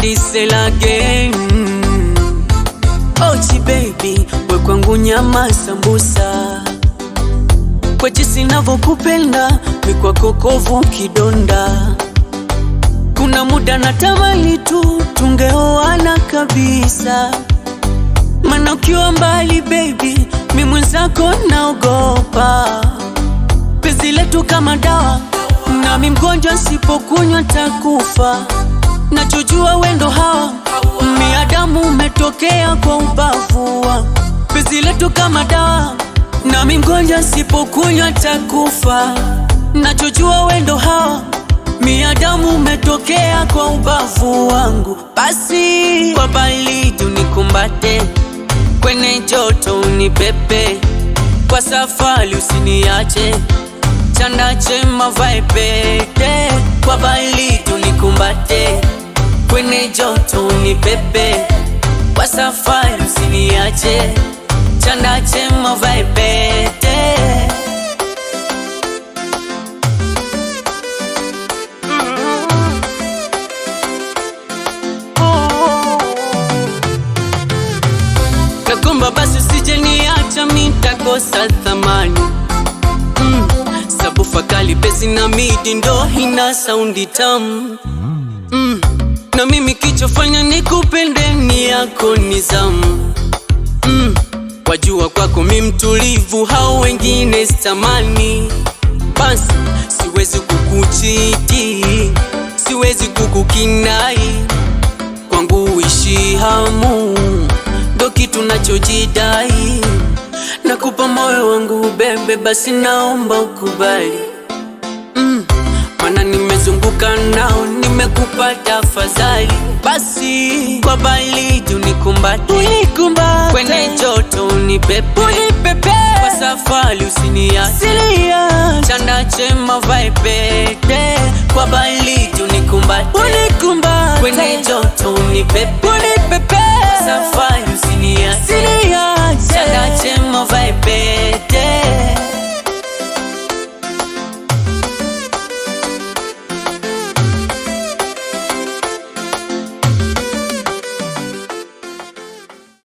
diesel again. Ochi baby, we kwangu nyama sambusa, kwa jinsi navyokupenda ni kovu kidonda. Kuna muda na tamali tu tungeoana kabisa, mana ukiwa mbali baby, mi naogopa. pezi letu kama dawa, nami mgonjwa, sipokunywa takufa nachojua wendo hao miadamu umetokea kwa ubavu wa letu kama dawa, nami mgonja sipokunywa takufa. Nachojua wendo hao miadamu umetokea kwa ubavu wangu, basi kwa baridi unikumbate, kwenye joto unipepe, kwa safari usiniache, chanda chema vaipete eh. safari usiniache, chandache mavae pete Nakumba basi usije niacha, mitakosa thamani mm. Sabufa kali besi na midi ndo hina saundi tamu mm mimi kichofanya kupende ni yako nizamu mm. Wajua kwako mi mtulivu, hao wengine sitamani, basi siwezi kukuchiti, siwezi kukukinai, kwangu uishi hamu ndo kitu nachojidai, nakupa moyo wangu bebe, basi naomba ukubali unazunguka nao, nimekupata fadhali, basi kwa baridi unikumbate, unikumbate kwenye joto unipepe, unipepe kwa safari usiniache, chanda chema vaipe kwa baridi unikumbate, unikumbate kwenye joto unipepe, unipepe